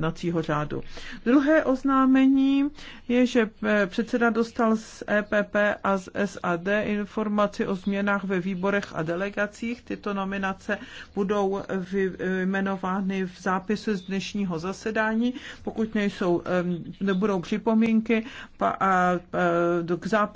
jednacího řádu. Druhé oznámení je, že eh, předseda dostal z EPP a z SAD informaci o změnách ve výborech a delegacích. Tyto nominace budou eh, jmenovány v zápisu z dnešního zasedání. Pokud nejsou, eh, nebudou připomínky, pa, a, a, k zápisu